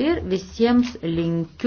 ir visiems linkiu